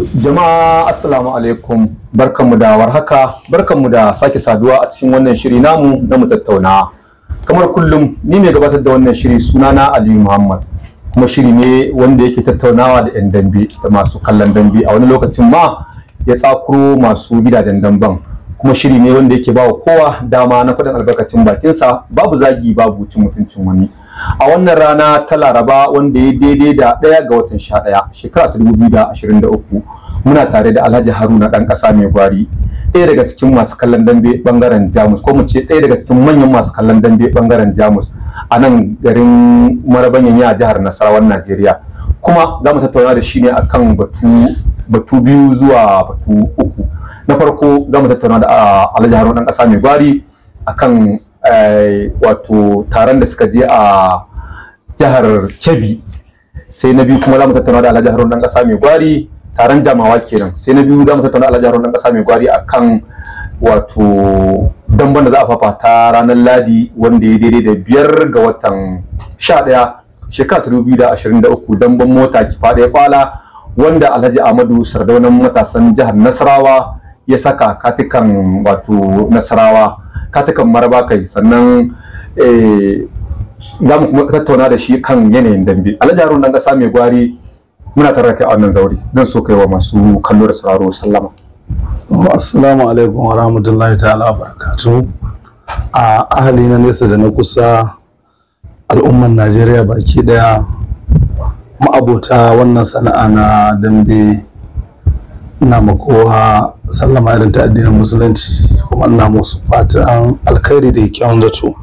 Jama'a Assalamu alaikum barkanmu da warhaka barkanmu da sake saduwa a cikin wannan shiri namu na mu tattauna. Kamar kullum ni ne gabatar da wannan shiri sunana Aliyu Muhammad kuma shiri ne wanda yake tattaunawa da 'yan dambe da masu kallon dambe a wani lokacin ma ya tsakuro masu gidajen damban kuma shiri ne wanda yake ba kowa dama na faɗin albarkacin bakinsa babu zagi babu cin mutuncin wani. a wannan rana ta laraba wanda ya daidai da ɗaya ga watan sha ɗaya shekara ta dubu da ashirin da uku muna tare da alhaji haruna ɗan ƙasa mai gwari ɗaya daga cikin masu kallon dambe ɓangaren jamus ko mu ce ɗaya daga cikin manyan masu kallon dambe ɓangaren jamus a nan garin marabanyan ya jihar nasarawar najeriya kuma za mu tattauna da shi ne akan batu batu biyu zuwa batu uku na farko za mu tattauna da alhaji haruna ɗan ƙasa mai gwari akan Eh, wato taron da suka je a jihar Kebbi sai na biyu kuma za mu tattauna da Alhaji Haruna dan kasa mai gwari taron jamawa kenan sai na biyu za mu tattauna Alhaji Haruna dan kasa mai gwari akan wato damban da za a fafata ranar Ladi wanda ya daidai da biyar ga watan 11 shekara 2023 damban mota kifa ya kwala wanda Alhaji Ahmadu Sardaunan matasan jihar Nasarawa ya saka katikan wato Nasarawa katakan maraba kai sannan eh, za mu kuma tattauna da shi kan yanayin dambe alhaji nan dan kasa mai gwari muna tare kai a wannan zauri don so kai wa masu kallo da sauraro sallama assalamu alaikum wa rahmatullahi ta'ala wa barakatu. a ahali na nesa da na kusa al'umman najeriya baki daya ma'abota wannan sana'a na dambe ina makowa sallama irin ta addinin musulunci kuma ina musu fatan alkhairi da kyawun zato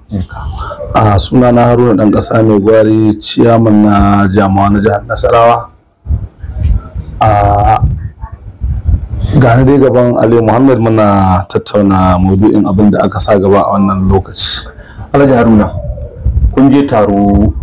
a suna na haruna dan kasa mai gwari ciyaman na jama'a na jihar nasarawa a gane dai gaban aliyu muhammad muna tattauna maudu'in abin aka sa gaba a wannan lokaci alhaji haruna kun je taro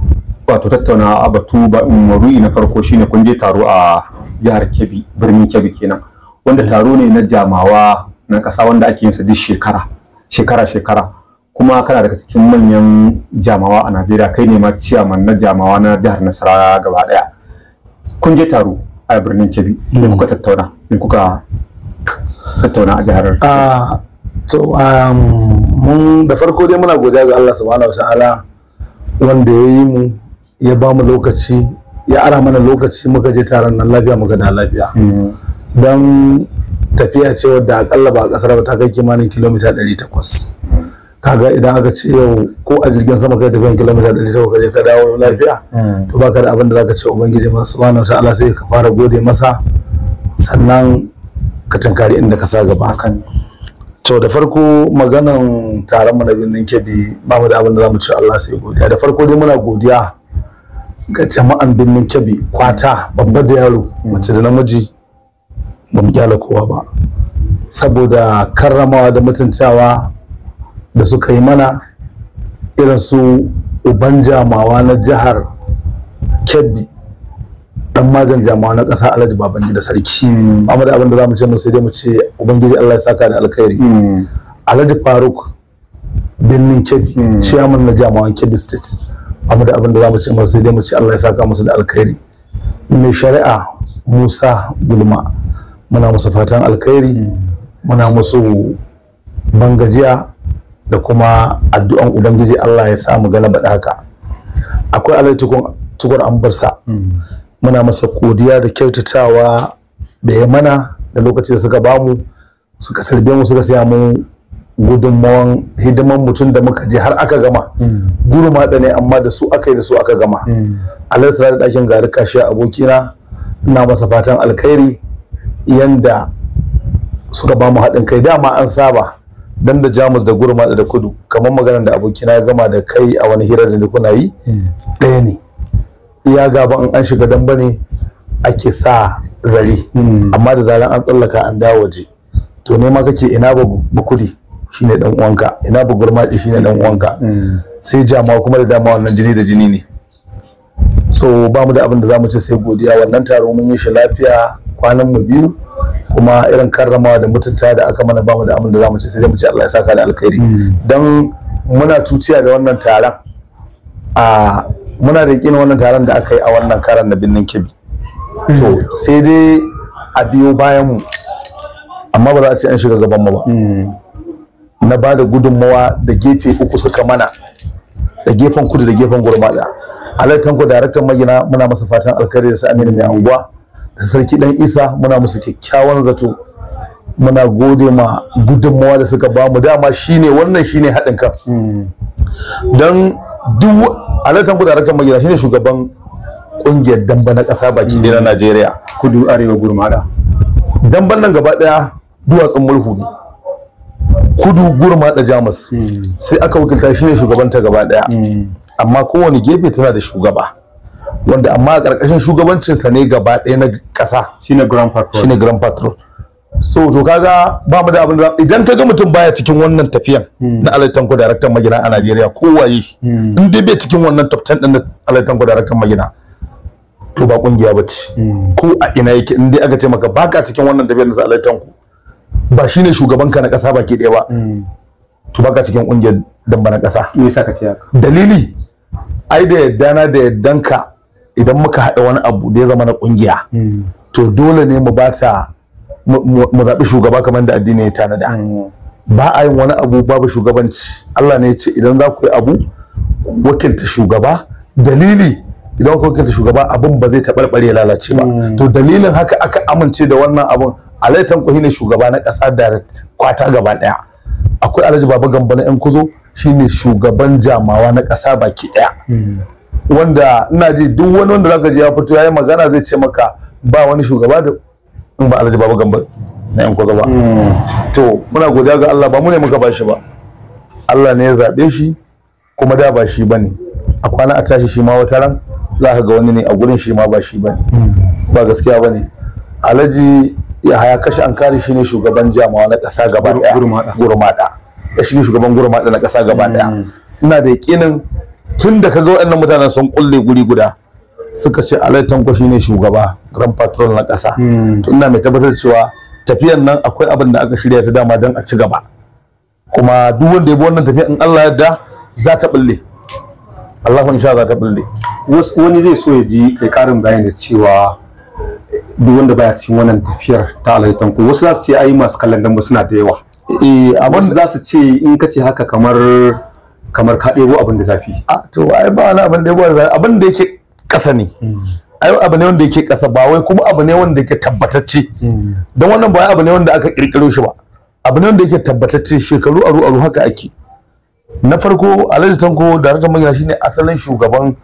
wato tattauna a batu ba maudu'i na farko shine kun je taro a jihar kebbi birnin kebbi kenan wanda taro ne na jamawa na ƙasa wanda ake yinsa duk shekara shekara shekara kuma kana daga cikin manyan jamawa a najeriya kai ne ma ciyaman na jamawa na jihar nasarawa gaba daya kun je taro a birnin kebbi ne kuka tattauna ne kuka tattauna a jihar ah, to um, mun da farko dai muna godiya ga Allah subhanahu wataala wanda ya yi mu ya ba mu lokaci ya ara mana lokaci muka je taron nan lafiya muka da lafiya mm. don tafiya ce wadda akalla ba a kasar ba ta kai kimanin kilomita 800 kaga idan aka ce yau ko a jirgin sama kai tafiyan kilomita 800 ka je ka dawo lafiya hmm. to baka da abin da zaka ce ubangiji ma subhanahu wa ta'ala sai ka fara gode masa sannan ka tunkari inda ka sa gaba to da farko maganan taron mu bin nan kebi ba mu da abin da zamu ce Allah sai godiya da farko dai muna godiya ga jama'an birnin kebi kwata babba da yaro mace da namiji ba mu kyala kowa ba saboda karramawa da mutuntawa da suka yi mana irin su uban jamawa na jihar kebbi dan majan jamawa na ƙasa alhaji babangida sarki amma da abin da za mu ce mu sai dai mu ce ubangiji allah ya saka da alkhairi hmm. alhaji faruk birnin kebbi hmm. chairman na jamawan kebbi state amma da abin da za mu ce mu sai dai mu ce allah ya saka musu da alkhairi mai shari'a musa gulma muna musu fatan alkhairi hmm. muna musu gajiya, da kuma addu'an ubangiji Allah ya samu galaba da haka akwai alaitukun tukur ambarsa hmm. muna masa godiya da kyautatawa da ya mana da lokaci da suka bamu suka sarbe mu suka siya mu gudunmawan hidiman mutum da muka je har aka gama hmm. gurma da ne amma da su aka yi da su aka gama alaisra da ɗakin gari kashi abokina ina masa fatan alkhairi yanda suka ba mu haɗin kai dama an saba dan da jamus da gurma da kudu kamar maganar da abokina ya gama da kai a wani hira da kuna yi hmm. ɗaya ne iya gaba in an shiga damba ne ake sa zare hmm. amma da zaran an tsallaka an dawo waje to ne ma kake ina ba kudi shine dan uwanka ina ba gurmaci shine dan uwanka hmm. sai jama'a kuma da dama wannan jini da jini ne so ba mu da abin da zamu ce sai godiya wannan taro mun yi shi lafiya kwanan mu biyu kuma irin karrama da mutunta da aka mana bamu da abin da zamu ci sai dai mu ci Allah ya saka da alkhairi hmm. dan muna tuciya da wannan taron a muna da yakin wannan taron da aka yi a wannan karan na binnin kibi hmm. to sai dai a biyo bayan mu amma ba za a ce an shiga gaban mu ba hmm. na bada da gudunmawa da gefe uku suka mana da gefen kudu da gefen gurmada ku daraktan magina muna masa fatan alkhairi da sa aminu mai anguwa Da sarki dan isa muna musu kyakkyawan zato muna gode ma gudunmawa da suka ba mu dama shine wannan shine haɗin kan don duk alatan gudanar da magana shine shugaban kungiyar damba na ƙasa baki ɗaya na najeriya kudu arewa gurmada damban nan gaba ɗaya duwatsun mulhu ne kudu gurmada jamus hmm. sai aka wakilta shine shugabanta gaba ɗaya hmm. amma kowane gefe tana da shugaba wanda amma a ƙarƙashin shugabancinsa ne gaba ɗaya na ƙasa shine grand patrol shine grand patrol so to kaga ba mu da abin da idan kaga mutum baya cikin wannan tafiyan hmm. na alaitan ku daraktan magina a Najeriya ko waye hmm. in dai bai cikin wannan top 10 din na alaitan ku daraktan magina to ba kungiya ba hmm. ko a ina yake in dai aka ce maka baka cikin wannan tafiyan na alaitan ku ba shine shugaban ka na ba baki ɗaya ba to baka cikin kungiyar damba na me yasa ka ce haka dalili ai da yaddana da yaddanka idan muka haɗa wani abu da ya zama na ƙungiya hmm. to dole ne mu bata mu zaɓi shugaba kamar da addini ya tanada hmm. ba a yin wani abu babu shugabanci Allah ne ya ce idan za ku yi abu wakilta shugaba dalili idan ku wakilta shugaba abin ba zai taɓarɓare lalace ba hmm. to dalilin haka aka amince da wannan abun, alaitan ku ne shugaba na ƙasa da kwata gaba ɗaya akwai alhaji baba gamba na yan kuzo shine shugaban jamawa na ƙasa baki ɗaya wanda ina ji duk wani wanda zaka ji ya fito yayi magana zai ce maka ba wani shugaba da in ba alhaji baba Gambo na yan kwaza ba to muna godiya ga Allah ba mu ne muka bashi ba Allah ne ya zabe shi kuma da ba shi bane a kwana a tashi shi ma wata ran za ka ga wani ne a gurin shi ma ba shi bane ba gaskiya bane alhaji ya haya kashi an kare shi ne shugaban jamawa na ƙasa gaba daya gurmada ya shi ne shugaban gurmada na ƙasa gaba daya mm. ina da yakinin tun da kaga waɗannan mutanen sun kulle guri guda suka ce alai tanko ne shugaba grand patron na ƙasa hmm. to ina mai tabbatar cewa tafiyan nan akwai abin da aka shirya ta dama don a ci gaba kuma duk wanda ya bi wannan tafiya in Allah ya yarda za ta bulle Allahu insha Allah za ta bulle wani zai so ya ji kai karin bayani cewa duk wanda baya cikin wannan tafiyar ta alai tanko wasu za su ce ai masu kallon dan suna da yawa eh amma za su ce in ka ce haka kamar kamar ka ɗebo abin da zafi a to ai ba wani abin da ya zafi abin da yake ƙasa ne hmm. ai abu ne wanda yake ƙasa ba wai kuma abu ne wanda yake tabbatacce hmm. don wannan ba abu ne wanda aka ƙirƙiro shi ba abu ne wanda yake tabbatacce shekaru aru aru haka ake na farko alhaji tanko da daraktan magana shine asalin shugaban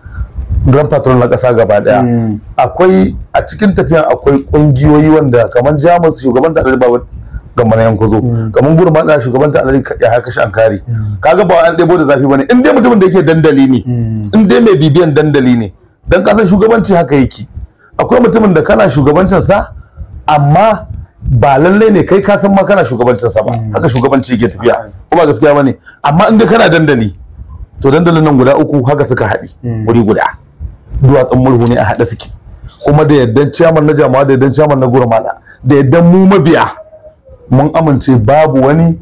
grand patron na ƙasa gaba daya hmm. akwai a cikin tafiyan akwai ƙungiyoyi wanda kamar jamus shugaban da alhaji ga manayan kwazo hmm. kamar gurma da shugaban ta alari ya har kashi an kare hmm. kaga ba an debo da zafi bane in dai mutumin da yake dandali ne hmm. in dai mai bibiyan dandali ne dan kasan shugabanci haka yake akwai mutumin da kana shugabancin sa amma ba lallai ne kai ka san ma kana shugabancin sa ba haka shugabanci yake tafiya kuma gaskiya bane amma in dai kana dandali to dandalin nan guda uku haka suka haɗi wuri guda duwatsun mulhu ne a haɗe suke kuma da yaddan ciyaman na jama'a da yaddan ciyaman na gurmana da yaddan mu mabiya mun amince babu wani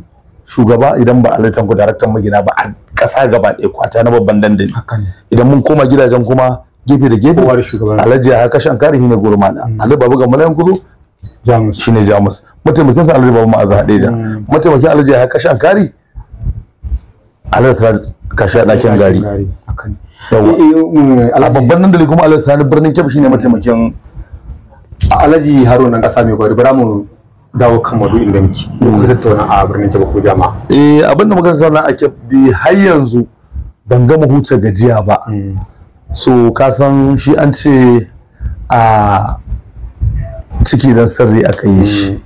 shugaba idan ba alitan ku daraktan magina ba a ƙasa gaba ɗaya kwata na babban dandali idan mun koma gidajen kuma gefe da gefe alhaji ya kashe ankari shine gurmana mm. alhaji babu ga malayan kudu shine jamus mataimakin sa alhaji babu ma'aza hadeja mm. mataimakin alhaji ya kashe ankari alhaji siraj kashe a ɗakin gari eh, eh, mm, eh, a babban dandali kuma alhaji siraj birnin kebbi shine mataimakin alhaji haruna ƙasa mai gwari bara mu dawo kan madu'in da muke da kuka tattauna a birnin Kebbi ko jama'a. Eh abin da muka zauna a Kebbi har yanzu ban gama huta gajiya ba. Mm. So ka san shi an ce a ciki dan sirri aka yi shi. Mm.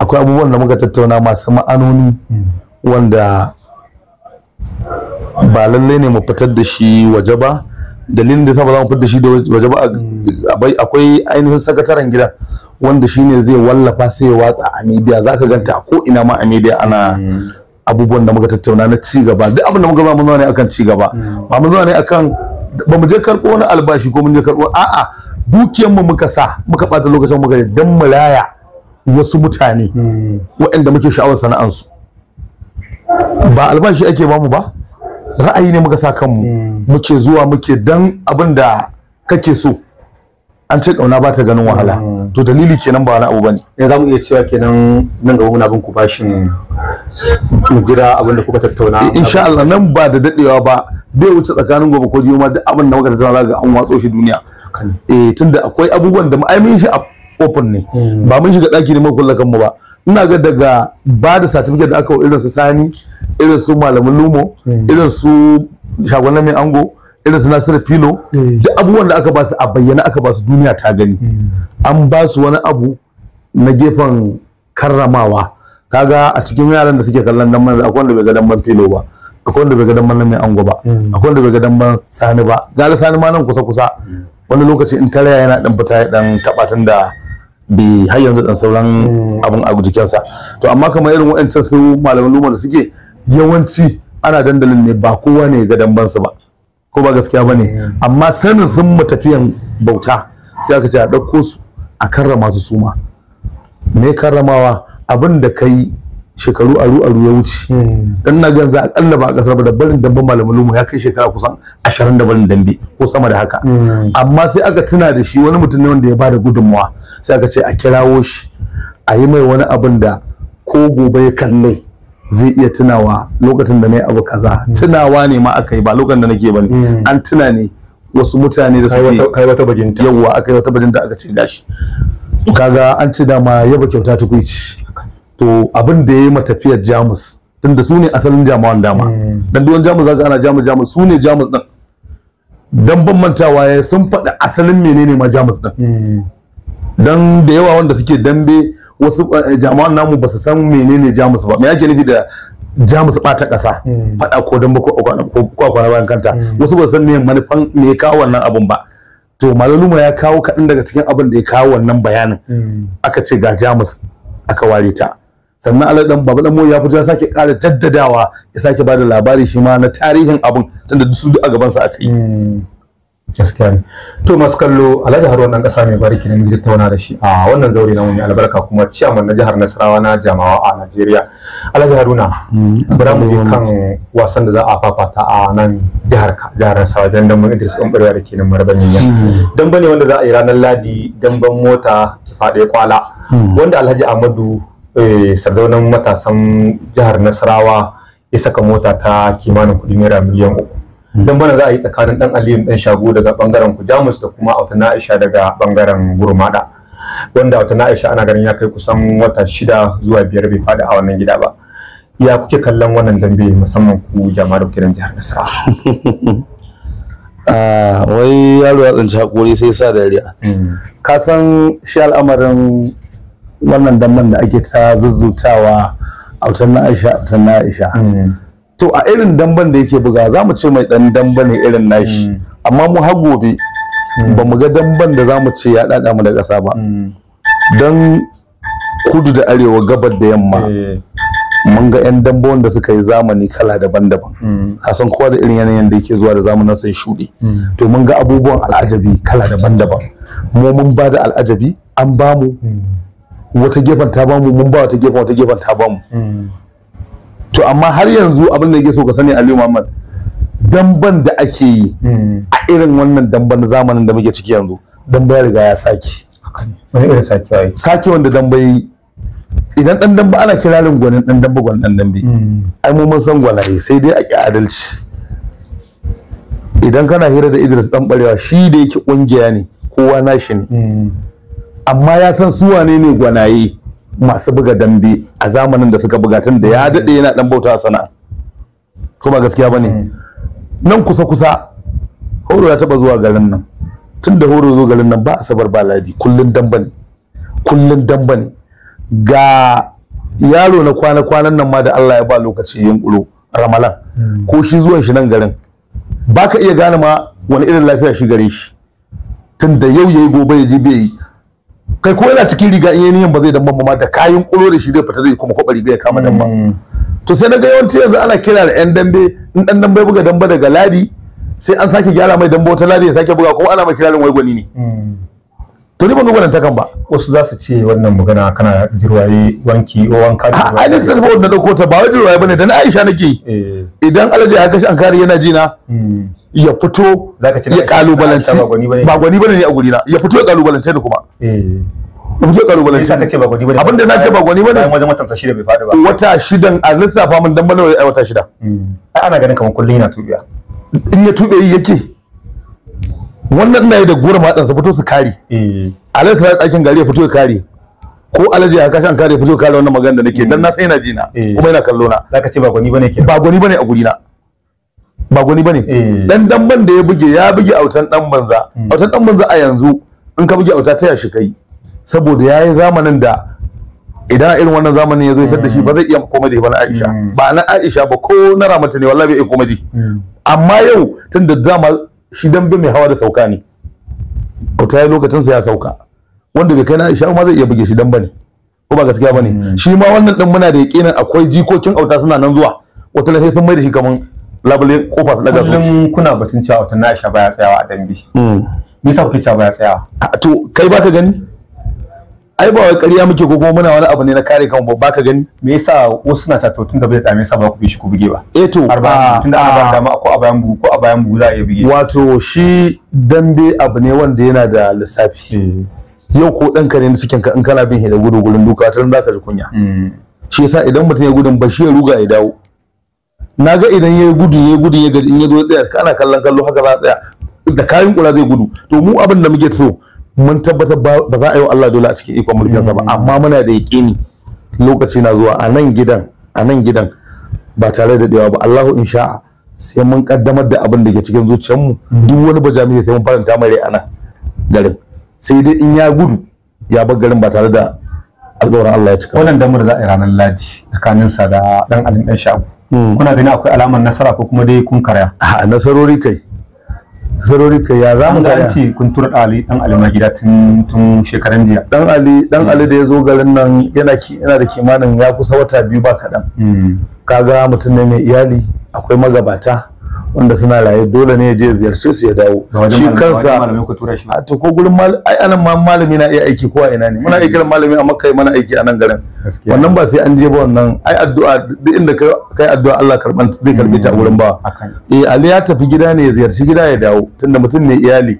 Akwai abubuwan da muka tattauna masu ma'anoni mm. wanda ba lallai ne mu fitar da shi waje ba dalilin da yasa ba za mu fitar da shi waje ba akwai ainihin sakataren gidan. wanda shine zai wallafa sai ya watsa a media zaka ganta a ko ina ma a media ana abubuwan da muka tattauna na ci gaba duk abin da muka ba mun ne akan ci gaba ba mun ne akan ba mu je karbo wani albashi ko mun je karbo. a'a dukiyar mu muka sa muka bata lokacin muka je dan mu laya wasu mutane waɗanda muke sha'awar sana'ansu ba albashi ake bamu ba ra'ayi ne muka sa kanmu mm. muke zuwa muke dan abin da kake so an ce kauna ba ta ganin wahala mm. to dalili kenan ba wani abu bane ne za mu iya cewa kenan nan gaba muna bin ku bashin mu jira abin da kuka tattauna eh, insha Allah nan ba da dadewa ba bai wuce tsakanin gobe ko jiyo ma duk abin da muka tattauna ga an watso shi duniya eh tunda akwai abubuwan da mu ai mun shi a open ne mm. ba mun shiga daki ne mu kula kanmu ba ina ga daga ba da certificate da aka irin su sani irin su malamin lumo mm. irin su shagonan mai ango irin su Nasir Filo eh. duk abubuwan da aka ba su a bayyana aka ba su duniya ta gani hmm. an ba su wani abu na gefen karramawa kaga a cikin yaran da suke kallon dan manzo akwai wanda bai ga dan man filo ba akwai wanda bai ga dan man mai ango ba hmm. akwai wanda bai ga dan man sani ba gara sani ma nan kusa kusa hmm. wani lokaci in taraya yana dan fita dan tun da bi har yanzu dan sauran abin a sa to amma kamar irin wa'ancan su malaman luma da suke yawanci ana dandalin ne ba kowa ne ga dan bansu ba ko ba gaskiya ba ne. Hmm. amma sanin sun mu tafiyan bauta sai aka ce a ɗauko su a karrama su suma me karramawa abin da kai shekaru aru aru ya wuce hmm. dan na gan za a kalla ba a kasar ba da barin dambe malamin ya kai shekara kusan 20 da barin dambe ko sama da haka hmm. amma sai aka tuna da shi wani mutum ne wanda ya bada gudunmawa sai aka ce a kirawo shi a yi mai wani abin da ko gobe ya kallai. zai iya tunawa lokacin da na yi abu kaza hmm. tunawa ne ma aka yi ba lokacin da nake ba ne hmm. an tuna ne wasu mutane da suke kai wata bajinta yawa aka yi wata bajinta aka ce gashi kaga an ce dama yaba kyauta ta kuici to abin da ya yi matafiyar jamus tunda su ne asalin jamawan dama hmm. dan duwan jamus zaka ana jamus jamus su ne jamus din dan ban mantawa ya sun faɗi asalin menene ma jamus din dan da yawa wanda suke dambe wasu eh, jama'an namu ba su san menene jamus ba me yake nufi da jamus bata kasa hmm. fada ko dan ba ko kwana bayan kanta hmm. wasu ba su san me manufan me ya kawo wannan abun ba to malaluma ya kawo kaɗan daga cikin abin da ya kawo wannan bayanin hmm. aka ce ga jamus aka ware ta sannan dan baba ɗan ya fita a sake ƙara jaddadawa ya sake bada labari shi ma na tarihin abin tunda su a gabansa aka yi gaskiya ne to masu kallo alhaji haruna dan kasa mai bariki ne muke tauna da shi a wannan zaure na mai albarka kuma ciyaman na jihar nasarawa na jamawa a najeriya alhaji haruna mm, bari mu je kan wasan da za a fafata a nan jihar jihar nasarawa dan dan mun idris kambarwa da kenan nan ya dan bane wanda za a yi ranar ladi dan ban mota kifaɗe kwala mm. wanda alhaji ahmadu eh, sardaunan matasan jihar nasarawa ya saka mota ta kimanin kuɗi naira miliyan uku dan bana za a yi tsakanin dan Aliyu dan Shago daga bangaren Jamus da kuma auta Aisha daga bangaren Gurmada wanda auta Aisha ana ganin ya kai kusan wata shida zuwa biyar bai fada a wannan gida ba ya kuke kallon wannan dambe musamman ku jama'a da kiran jihar Nasarawa ah, wai yaro ya tsinci hakuri sai sa dariya hmm. ka san shi al'amarin wannan damban da ake ta zuzzutawa autan Aisha autan Aisha hmm. to a irin damban da yake buga za mu ce mai dan damba ne irin nashi mm. amma mu har gobe mm. ba mu ga damban da za mu ce ya dada mu da ƙasa ba mm. don kudu da arewa gabar da yamma eh. mun ga 'yan dambo wanda suka yi zamani kala daban-daban san kowa da irin yanayin da yake zuwa da zamanin sai shuɗe to mun ga abubuwan al'ajabi kala daban-daban mu mun ba da al'ajabi an ba mu. wata gefen ta ba mu, mun ba wata gefen wata gefen ta ba mu. to amma har yanzu abin da yake so ka sani Aliyu Muhammad damban da ake yi hmm. a irin wannan damban zamanin da muke ciki yanzu damba ya riga ya sake wani irin sake waye sake wanda damba yi idan dan damba ana kirarin gwanin dan damba gwanin dan dambe hmm. ai mu mun san gwanaye sai dai a ki adalci idan kana hira da Idris dan barewa shi da yake kungiya ne kowa nashi ne hmm. amma ya san su wane ne gwanaye masu buga dambe a zamanin da suka buga tun da ya mm. daɗe yana ɗan bauta sana'a kuma gaskiya ba ne mm. nan kusa kusa horo ya taɓa zuwa garin nan tun da horo zo garin nan ba asabar ba ladi kullum damba ne kullun damba ne ga yaro na kwana-kwanan nan ma da Allah ya ba lokaci yunƙuro ramalan mm. ko shi zuwan shi nan garin ba ka iya gane ma wani irin lafiya shi gare shi tun da yau ya yi gobe ya ji bai yi kai ko yana cikin riga in yanayin ba zai dan ma da kayan kulo da shi zai fita zai kuma kwabari bai kama dan ba mm. to sai na ga yawanci yanzu ana kira da yan dambe in dan dambe buga damba daga ladi sai an sake gyara mai damba wata ladi ya sake buga ko ana mai kirarin wai gwani ne mm. to ni ban ga wannan takan ba wasu za su ce wannan magana kana jirwaye wanki o wanka a ai ne ta tafi wanda dauko ta ba wai jirwaye bane da na Aisha nake eh. idan alaji ya kashi an yana ji na hmm. ya fito ya kalubalance ba gwani bane ne a guri na ya fito ya kalubalance ni kuma eh. ya fito ya kalubalance ni ba gwani bane abin da na ce ba gwani bane wajen watan shida bai faɗi ba wata shidan a lissafa min dan bana wata shida hmm. ai ana ganin kamar kullum yana tubiya in ya tube yake wannan ina yi da goro matsan su fito su kare eh. alai su ɗakin gari ya fito ya kare ko alaji ya kashi an kare fito kare wannan magana da nake dan na sai na ji na eh. kuma yana kallo na zaka ce ba gwani bane ke ba gwani bane a guri na ba gwani bane eh. dan dan ban da ya buge ya buge autan dan banza hmm. autan dan banza a yanzu in ka buge auta ta ya shikai kai saboda yayi zamanin da idan irin wannan zamanin ya zo ya da shi ba zai iya da ba na Aisha hmm. ba na Aisha ba ko na Ramatu ne wallahi bai iya komai? Hmm. amma yau tunda dama shi dambe mai hawa da sauka ne kuta ya lokacin sa ya sauka wanda bai kai na Aisha ma zai iya buge shi dambe ne ko ba gaskiya bane hmm. shi ma wannan din muna da yakinin akwai jikokin auta suna nan zuwa wata sai sun mai da shi kaman labule kofa su daga su kullum kuna batun cewa wata na Aisha baya tsayawa a dambe hmm. me yasa kuke cewa baya tsayawa to kai baka gani ai ba wai ƙarya muke ko kuma muna wani abu ne na kare kan ba ka gani me yasa wasu suna sato tun da bai tsame sa ba ku bishi ku buge ba eh to ah, tun da ana ah. dama ko a bayan bugu ko a bayan bugu za a iya buge wato shi dambe abu ne wanda yana da lissafi eh. yau ko dan kare ne suke in kana bin hila gudu gurin duka tun za ka ji kunya mm. shi yasa idan mutum ya gudun ba shi ya ruga ya dawo na ga idan ya gudu ya gudu ya gaji in ya zo ya tsaya kana kallon kallo haka za a tsaya da kayan kula zai gudu to mu abin da muke so mun tabbatar ba za a yi wa Allah dole a cikin ikon mulkinsa ba mm. amma muna da yaƙini lokaci na zuwa a nan gidan a nan gidan ba tare da dawa ba Allahu insha'a sai mun kaddamar da abin da ke cikin zuciyarmu mm. duk wani bajami sai mun faranta mai rai ana garin sai dai in ya gudu ya bar garin ba tare da alƙawarin Allah ya cika wannan damar za a yi ranar ladi tsakanin sa da dan alim dan shago mm. kuna gani akwai alamar nasara ko kuma dai kun karya a nasarori kai sarori kai ya za mu an ce kun tura ali dan ali ma gida tun tun shekaran jiya dan ali dan ali da ya zo garin nan yana yana da kimanin ya kusa wata biyu ba kaɗan hmm. kaga mutum ne mai iyali akwai magabata wanda suna raye dole ne ya je ziyarce su ya dawo shi kansa a to ko gurin ai anan ma malami na iya aiki ko a ina ne muna aiki da malami a makka mana aiki a nan garin wannan ba sai an je ba wannan ai addu'a duk inda kai addu'a Allah karban zai karbi ta gurin ba mm, eh Ali ya tafi gida ne ya ziyarci gida ya dawo tunda mutum ne iyali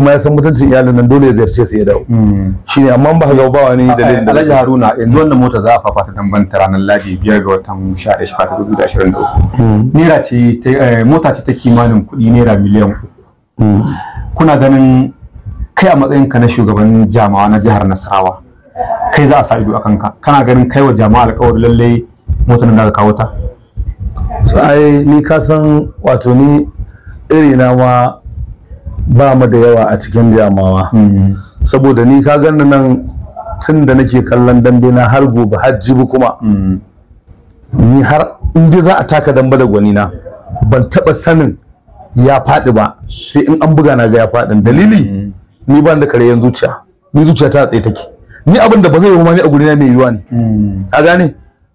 kuma ya san mutuncin iyalin nan dole ya ziyarce su ya dawo hmm. shine amma ba ga ba wani dalilin da Alhaji Haruna yanzu wannan mota za a fafa ta tambanta ranar Ladi biyar ga watan 11 2023 hmm. naira ce eh, mota ce ta kimanin kuɗi naira miliyan hmm. kuna ganin kai a matsayinka na shugaban jama'a na jihar Nasarawa kai za a sa ido akan ka kana ganin kai wa jama'a alƙawari lalle motar nan da kawo ta so ai ni ka san wato ni iri na ma ba mu da yawa a cikin jamawa hmm. saboda ni ka ganna nan tun da nake kallon dambe na har gobe har jibi kuma hmm. ni har in za a taka dambe da gwani na ban taba sanin ya faɗi ba sai in an buga na ga ya faɗin dalili hmm. ni ban da kare zuciya ni zuciya ta tsaye take ni abin da ba zai yi ma ni a na mai yiwuwa ne ka gane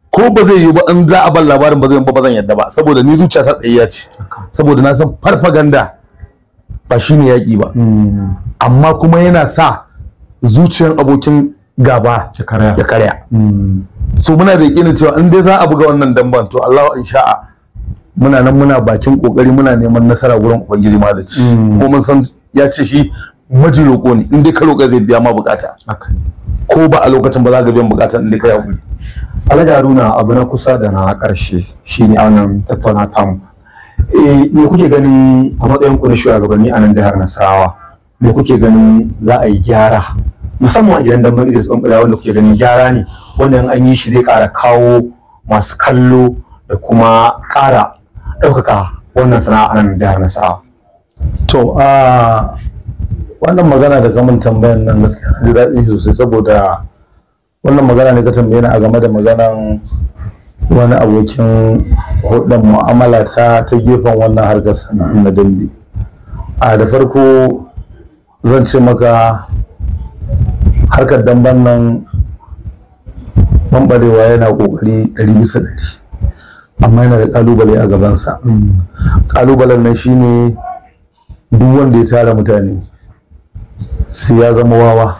ko ba zai yi ba in za a ban labarin ba zai ba zan yadda ba saboda ni zuciya ta ya ce saboda na san farfaganda ba shi ne yaƙi ba amma kuma yana sa zuciyar abokin gaba ya karya hmm. so muna da yakinin cewa in dai za a buga wannan damban to Allah in sha'a muna nan muna bakin kokari muna neman nasara gurin ubangiji malici hmm. ko mun san ya ce shi maji roƙo ne in dai ka roƙa zai biya ma bukata ko ba a lokacin ba za ka biyan bukata in dai ka yi yaƙuri Alhaji Haruna abu na kusa da na ƙarshe shine a wannan tattauna tamu Eh, me kuke ganin a matsayin ku na shugabanni a nan jihar Nasarawa me kuke ganin za a yi gyara musamman idan gidan dambari da bambara wanda kuke ganin gyara ne wanda an yi shi zai kara kawo masu kallo da kuma kara ɗaukaka wannan sana'a a nan jihar Nasarawa to a wannan magana da kamun tambayan nan gaskiya na ji daɗi sosai saboda wannan magana ne ka tambaye ni a game da maganan wani abokin hudun mu'amala ta ta gefen wannan harkar sana'ar na dambe a da farko zan ce maka harkar damben nan bambarewa yana kokari ɗari bisa ɗari amma yana da ƙalubale a gabansa Ƙalubalen nan shine duk wanda ya tara mutane sai ya zama wawa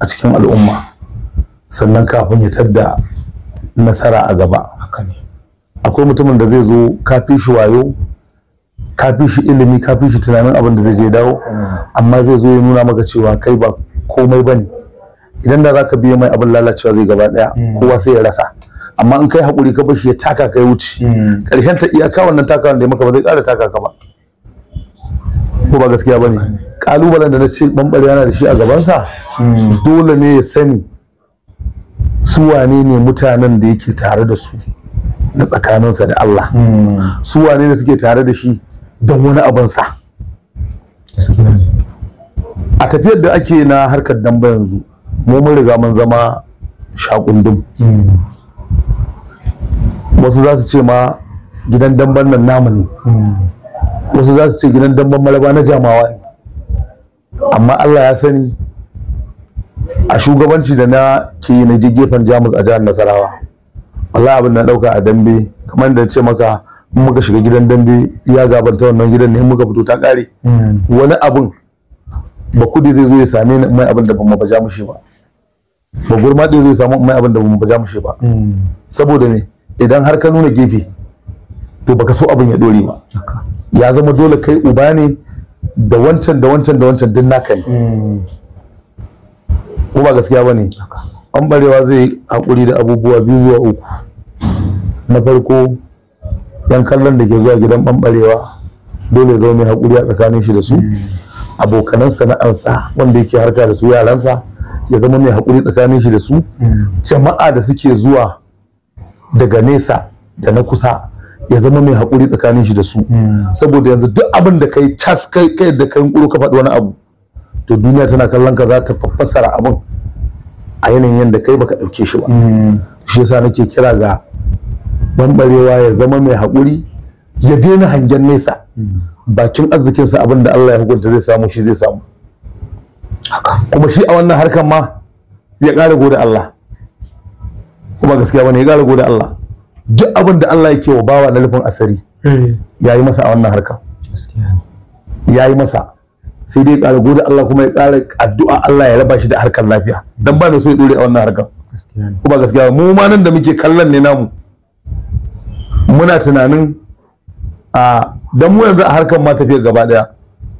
a cikin al'umma sannan kafin ya tadda nasara a gaba akwai mutumin da zai zo kafi shi wayo kafi shi ilimi kafi shi tunanin abin da zai je dawo amma zai zo ya nuna maka cewa kai ba komai bane idan da zaka biye mai abin lalacewa zai gaba daya hmm. kowa sai ya rasa amma in kai hakuri ka bashi ya taka kai wuce karshen hmm. ta iyaka wannan takawan da ya maka ba zai ƙara taka ka ba ko ba gaskiya bane kalubalen da na ce bambare yana da shi a gabansa hmm. dole ne ya sani su wane ne mutanen da yake tare da su na tsakaninsa da Allah su wane ne suke tare da shi don wani abinsa a tafiyar da ake na harkar dan yanzu mu mun riga mun zama shakundum wasu za su ce ma gidan damban nan namu ne wasu za su ce gidan damban maraba na jamawa ne amma Allah ya sani a shugabanci da na ke na je gefen jamus a jihar nasarawa Allah abin na dauka a dambe kamar da ce maka in muka shiga gidan dambe ya gabanta wannan gidan ne muka fito ta kare wani abin ba kudi zai zo ya same ni mai abin da ban baja mushi ba ba gurma ɗaya zai samu mai abin da ban baja mushi ba saboda me idan har ka nuna gefe to baka so abin ya dore ba ya zama dole kai uba ne da wancan da wancan da wancan din naka ne ko ba gaskiya ba ne an barewa zai hakuri da abubuwa biyu zuwa uku na farko yan kallon da ke zuwa gidan ɓanɓarewa dole zai mai hakuri a tsakanin shi da su abokanan sana'ansa wanda yake harka da su yaransa ya zama mai hakuri tsakanin shi da su jama'a da suke zuwa daga nesa da na kusa ya zama mai hakuri tsakanin shi da su saboda yanzu duk abin da kai tas kai da kai kuro ka faɗi wani abu to duniya tana kallon ka za ta fassara abin a yanayin yadda kai baka ɗauke shi ba hmm. shi yasa nake kira ga bambarewa ya zama mai haƙuri ya daina hangen nesa hmm. bakin arzikinsa abin da Allah ya hukunta zai samu shi zai samu kuma shi a wannan harkar ma ya ƙara gode Allah kuma gaskiya bane ya ƙara gode Allah duk abin da Allah yake wa bawa na rufin asari eh. ya yi masa a wannan harkar ya yi masa sai dai ƙara gode Allah kuma ya ƙara addu'a Allah ya raba shi da harkar lafiya dan ba da so ya dore a wannan harkar kuma gaskiya mu ma nan da muke kallon ne namu muna tunanin a dan mu yanzu a harkar ma tafiya gaba daya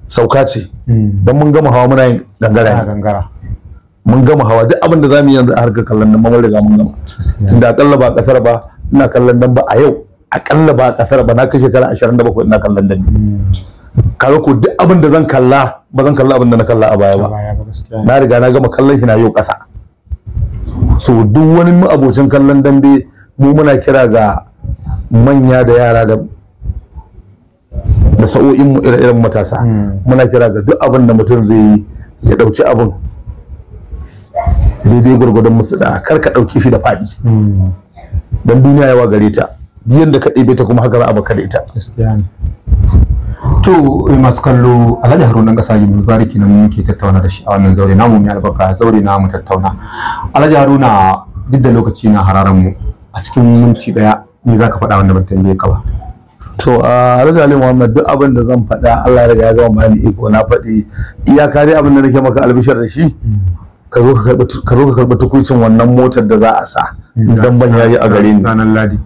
sauka ce hmm. dan mun gama hawa muna yin gangara mun gama hawa duk abin da zamu yi yanzu a harkar kallon nan mun riga mun gama tunda akalla ba kasar ba ina kallon dan ba a yau akalla ba kasar ba na kai shekara 27 ina kallon dan kaga ko duk abin da zan kalla ba zan kalla abin da na kalla a baya ba na riga na gama kallon shi na yau ƙasa so duk wani abocin kallon dambe mu muna kira ga manya da yara da da sa'o'in mu ire-iren matasa hmm. muna kira ga duk abin da mutum zai yi ya dauki abin daidai gwargwadon musu da kar ka ɗauke shi da faɗi hmm. don duniya yawa gare ta biyan da ka ɗebe ta kuma haka za a baka da ita To eh, masu kallo Alhaji Haruna Kasa yi mubariki nan muke tattauna da shi a wannan zaure namu mai albarka zaure namu tattauna. Alhaji Haruna duk da lokaci na hararan mu a cikin minti daya me za ka faɗa wanda ban tambaye ka ba. To a Alhaji Ali Muhammad duk abin da zan faɗa Allah ya riga ya gama bani iko na faɗi iyaka dai abin da nake maka albishar da shi ka zo ka karɓi tukucin wannan motar da za a sa. idan ban yayi a gare ni.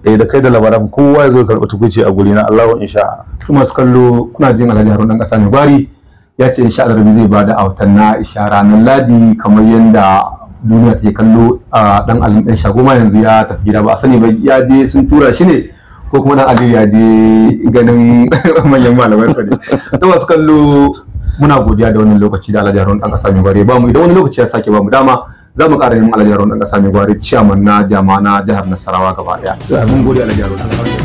Eh da kai da labaran kowa ya zo ya karɓi tukuci a guri na Allahu insha masu kallo kuna jin alhaji harun dan kasa ne gwari ya ce insha Allah zai ba da autan na ishara na ladi kamar yadda duniya take kallo a dan alim dan shagoma yanzu ya tafi gida ba a sani ba ya je sun tura shi ne ko kuma dan aliyu ya je ganin manyan malaman sa ne to masu kallo muna godiya da wannan lokaci da alhaji harun dan kasa mai gwari ba mu idan wani lokaci ya sake ba mu dama za mu ƙara neman alhaji harun dan kasa mai gwari ciyaman na jama'a na jihar nasarawa gaba daya mun alhaji harun dan kasa